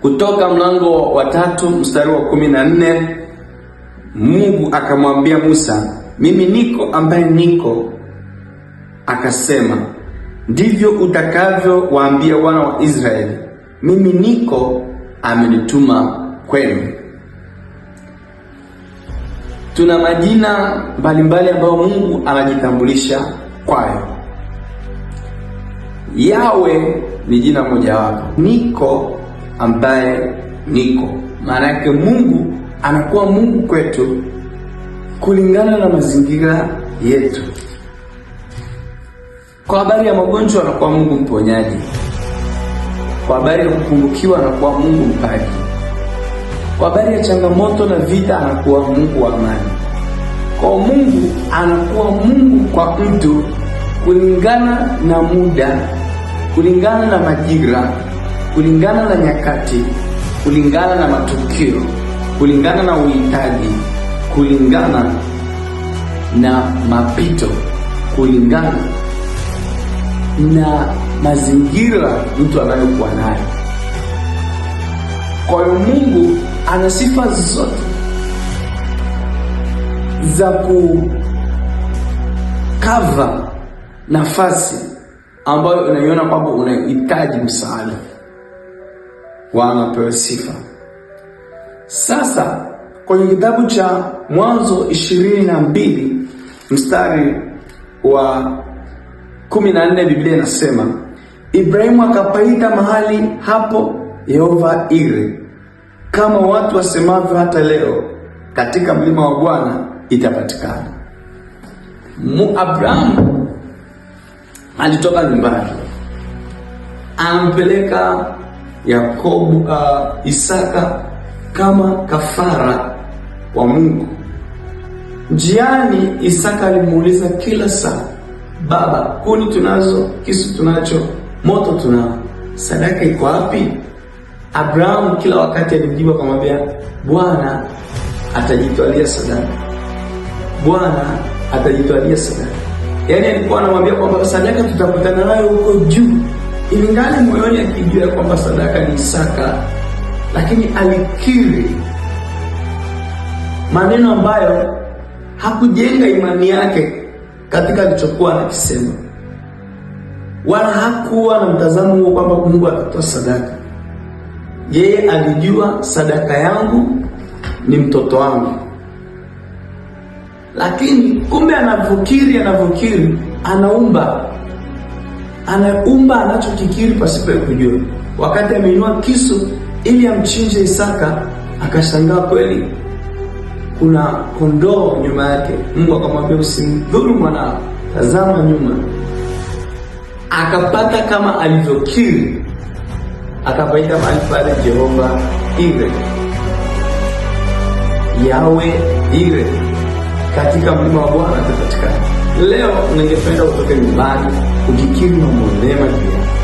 Kutoka mlango wa tatu mstari wa kumi na nne Mungu akamwambia Musa, mimi niko ambaye niko. Akasema, ndivyo utakavyowaambia wana wa Israeli, mimi niko amenituma kwenu. Tuna majina mbalimbali ambayo Mungu anajitambulisha kwayo. Yawe ni jina mojawapo. Niko ambaye niko. Maana yake Mungu anakuwa Mungu kwetu kulingana na mazingira yetu. Kwa habari ya magonjwa, anakuwa Mungu mponyaji. Kwa habari ya kupungukiwa, anakuwa Mungu mpaji. Kwa habari ya changamoto na vita, anakuwa Mungu wa amani. Kwa Mungu anakuwa Mungu kwa mtu kulingana na muda, kulingana na majira kulingana na nyakati, kulingana na matukio, kulingana na uhitaji, kulingana na mapito, kulingana na mazingira mtu anayokuwa nayo. Kwa hiyo Mungu ana sifa zote za kukava nafasi ambayo unaiona kwamba unahitaji msaada wanapewa sifa. Sasa kwenye kitabu cha Mwanzo ishirini na mbili mstari wa kumi na nne Biblia inasema Ibrahimu akapaita mahali hapo Yehova Ire, kama watu wasemavyo hata leo, katika mlima wa Bwana itapatikana. Abrahamu alitoka nyumbani, anampeleka Yakobo uh, Isaka kama kafara wa Mungu. Njiani Isaka alimuuliza kila saa, baba, kuni tunazo, kisu tunacho, moto tunao, sadaka iko wapi? Abrahamu kila wakati alimjibu akamwambia, Bwana atajitwalia sadaka, Bwana atajitwalia sadaka. Yaani alikuwa anamwambia kwamba sadaka tutakutana nayo huko juu ilingali moyoni akijua kwamba sadaka ni Isaka, lakini alikiri maneno ambayo hakujenga imani yake katika alichokuwa anakisema, wala hakuwa na mtazamo huo kwamba Mungu atatoa sadaka. Yeye alijua sadaka yangu ni mtoto wangu, lakini kumbe anavyokiri, anavyokiri anaumba anaumba anachokikiri pasipo kujua. Wakati ameinua kisu ili amchinje Isaka, akashangaa kweli kuna kondoo nyuma yake. Mungu akamwambia usimdhuru mwanao, tazama nyuma. Akapata kama alivyokiri, akapaita mahali pale Jehova Ire, Yawe Ire, katika mlima wa Bwana atapatikana. Leo ningependa utoke nyumbani ukikiri na mwema